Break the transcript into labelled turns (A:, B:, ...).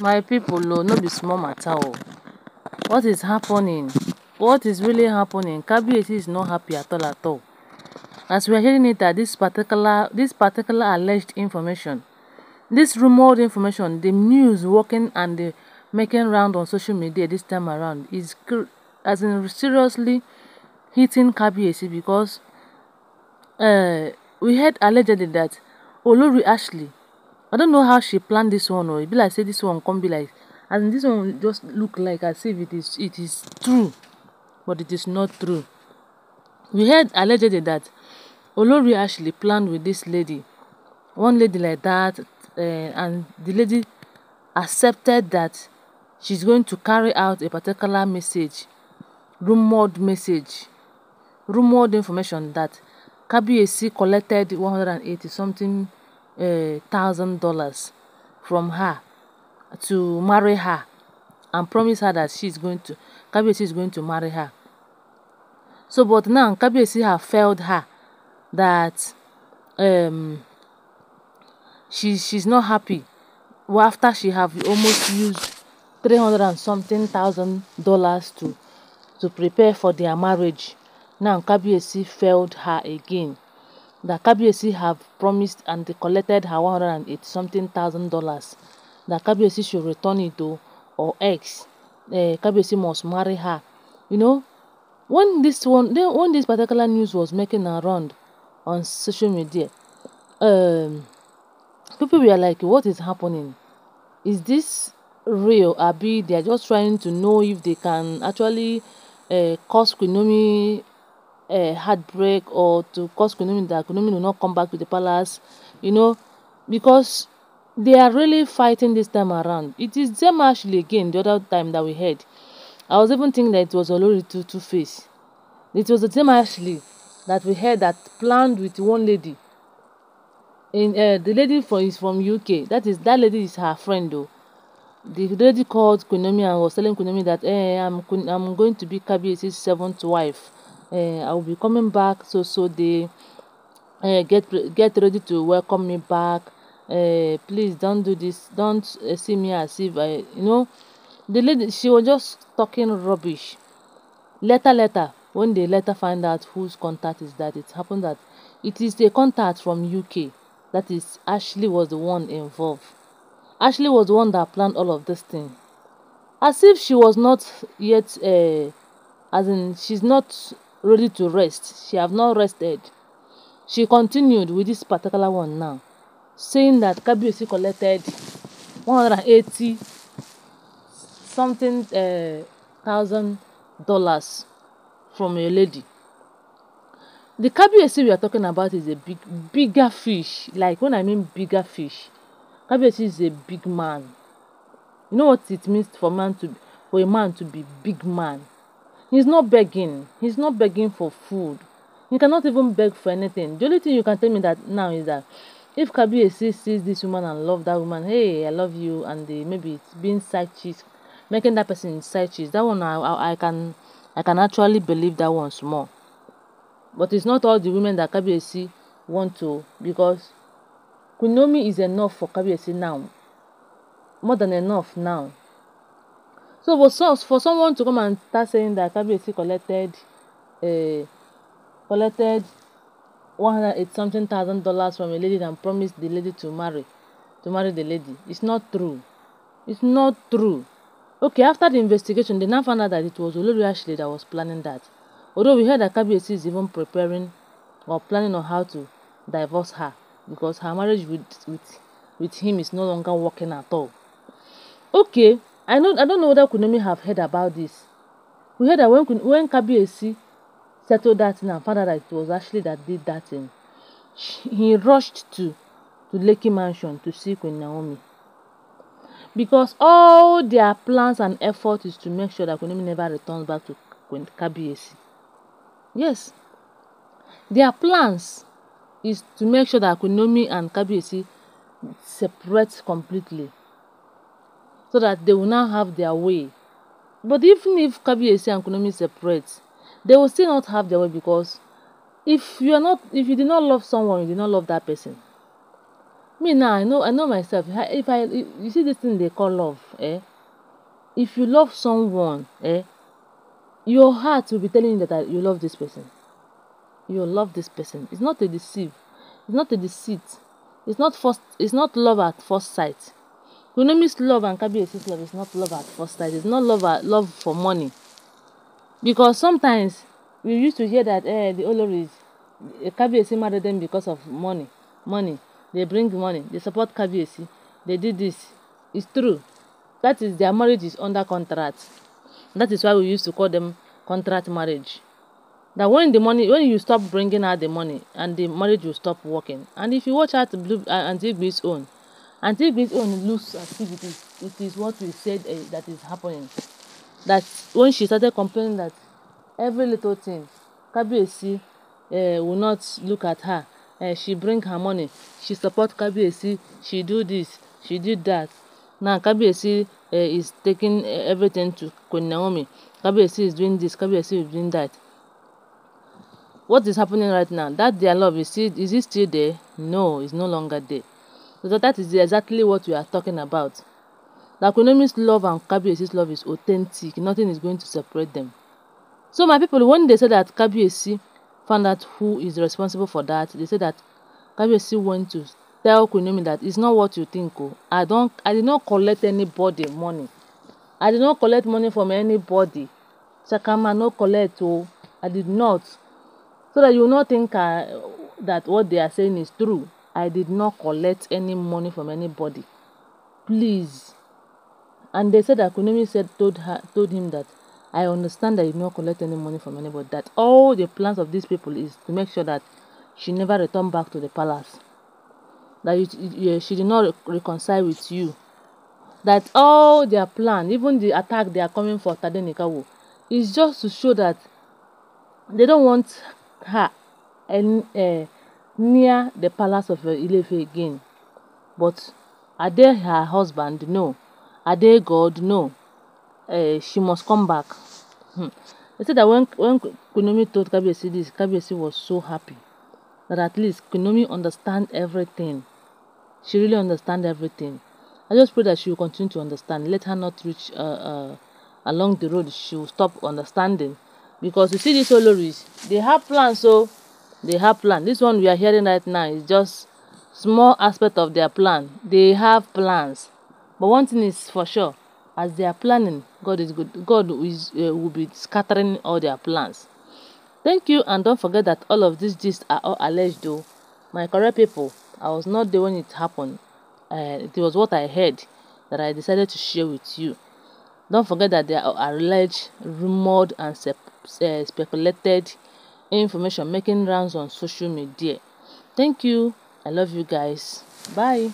A: My people o, no be small matter o. Oh. What is happening? What is really happening? Kabiyesi is not happy at all at all. As we are hearing it that this particular this particular alleged information, this rumored information, the news working and the making round on social media this time around is as in seriously hitting Kabiyesi because uh, we heard allegedly that Olori Ashley I don't know how she planned this one or oh. it be like say this one come be like and this one just look like as if it is it is true but it is not true. We heard allegedly that Olori actually planned with this lady, one lady like that, uh, and the lady accepted that she's going to carry out a particular message, rumored message, rumored information that KBAc collected 180 something $1,000 from her to marry her and promise her that she's going to Kabiyesi is going to marry her. So but now Kabiyesi have failed her that um, she she's not happy well, after she have almost used three hundred and something thousand dollars to to prepare for their marriage. Now Kabiyesi failed her again that KBC have promised and collected her 108 something thousand dollars that KBC should return it to or ex uh, eh, KBC must marry her you know when this one then when this particular news was making around on social media um people were like what is happening is this real abi they are just trying to know if they can actually uh, cause Queen uh, heartbreak or to cause Kunimi that Kunimi will not come back to the palace, you know, because they are really fighting this time around. It is them actually again the other time that we heard. I was even thinking that it was already two two face. It was the same actually that we heard that planned with one lady. In uh, the lady from is from UK. That is that lady is her friend though. The lady called Kunomi and was telling Kunomi that hey, eh, I'm I'm going to be Kabi's seventh wife. I eh, will be coming back so so they eh, get get ready to welcome me back eh, please don't do this don't see me as if I you know the lady she was just talking rubbish later later when they later find out whose contact is that it happened that it is the contact from uk that is ashley was the one involved ashley was the one that planned all of this thing as if she was not yet uh, as in she's not ready to rest. She have not rested. She continued with this particular one now, saying that Kabiyesi collected 180 something uh, thousand dollars from a lady. The Kabiyesi we are talking about is a big, bigger fish. Like when I mean bigger fish, Kabiyesi is a big man. You know what it means for man to for a man to be big man. He's not begging. He's not begging for food. He cannot even beg for anything. The only thing you can tell me that now is that if Kabir sees, sees this woman and love that woman, hey, I love you, and they, maybe it's being side cheese, making that person side cheese, that one I, I, I can I can actually believe that once more. But it's not all the women that Kabir want to because Kunomi is enough for Kabir now. More than enough now. So for some, for someone to come and start saying that Kabiyesi collected uh, collected one hundred eight something thousand dollars from a lady and promised the lady to marry to marry the lady it's not true it's not true okay after the investigation they now found out that it was Olori Ashley that was planning that although we heard that Kabiyesi is even preparing or planning on how to divorce her because her marriage with with with him is no longer working at all okay I know I don't know whether Kunomi have heard about this. We heard that when when Kabiesi settled that thing and found out that it was Ashley that did that thing, he rushed to to Lakey Mansion to see Queen Naomi. Because all their plans and effort is to make sure that Kunomi never returns back to Queen Yes. Their plans is to make sure that Kunomi and Kabiesi separate completely so that they will now have their way. But even if KBAC and Kunomi separate, they will still not have their way because if you are not if you did not love someone, you did not love that person. Me now, I know I know myself. If I, you see this thing they call love, eh? If you love someone, eh, your heart will be telling you that you love this person. You love this person. It's not a deceive. It's not a deceit. It's not first. It's not love at first sight. Miss love and Kabiesi's love is not love at first sight. It's not love at, love for money. Because sometimes we used to hear that eh, the Oloris, eh, Kabiesi married them because of money. Money. They bring money. They support Kabiesi. They did this. It's true. That is their marriage is under contract. That is why we used to call them contract marriage. That when the money, when you stop bringing out the money, and the marriage will stop working. And if you watch out Blue uh, and its own, until Grace Own loose activities, it is, what we said uh, that is happening. That when she started complaining that every little thing, Kabiesi uh, will not look at her. Uh, she bring her money. She support Kabiesi. She do this. She did that. Now Kabiesi uh, is taking uh, everything to Queen Naomi. Kabiesi is doing this. Kabiesi is doing that. What is happening right now? That their love is still, is it still there? No, it's no longer there. So that is exactly what we are talking about. The Akunomi's love and Kabiyesi's love is authentic. Nothing is going to separate them. So my people, when they say that Kabiyesi found out who is responsible for that, they say that Kabiyesi went to tell Kunomi that it's not what you think. Oh. I don't I did not collect anybody money. I did not collect money from anybody. Sakama no collect oh. I did not. So that you will not think uh, that what they are saying is true. I did not collect any money from anybody. Please. And they said that said told her told him that I understand that you did not collect any money from anybody. That all the plans of these people is to make sure that she never returned back to the palace. That you, you, she did not reconcile with you. That all their plan, even the attack they are coming for Tadenikawo, is just to show that they don't want her and uh, eh, near the palace of Ilefe again. But are they her husband? No. Are they God? No. Uh, she must come back. Hmm. They said that when, when Kunomi told Kabiesi this, Kabiesi was so happy that at least Kunomi understand everything. She really understand everything. I just pray that she will continue to understand. Let her not reach uh, uh, along the road. She will stop understanding. Because you see these Oloris, they have plans so they have plan this one we are hearing right now is just small aspect of their plan they have plans but one thing is for sure as they are planning god is good god is, uh, will be scattering all their plans thank you and don't forget that all of these gist are all alleged though my correct people i was not there when it happened uh, it was what i heard that i decided to share with you don't forget that they are alleged rumored and uh, speculated information making rounds on social media. Thank you. I love you guys. Bye.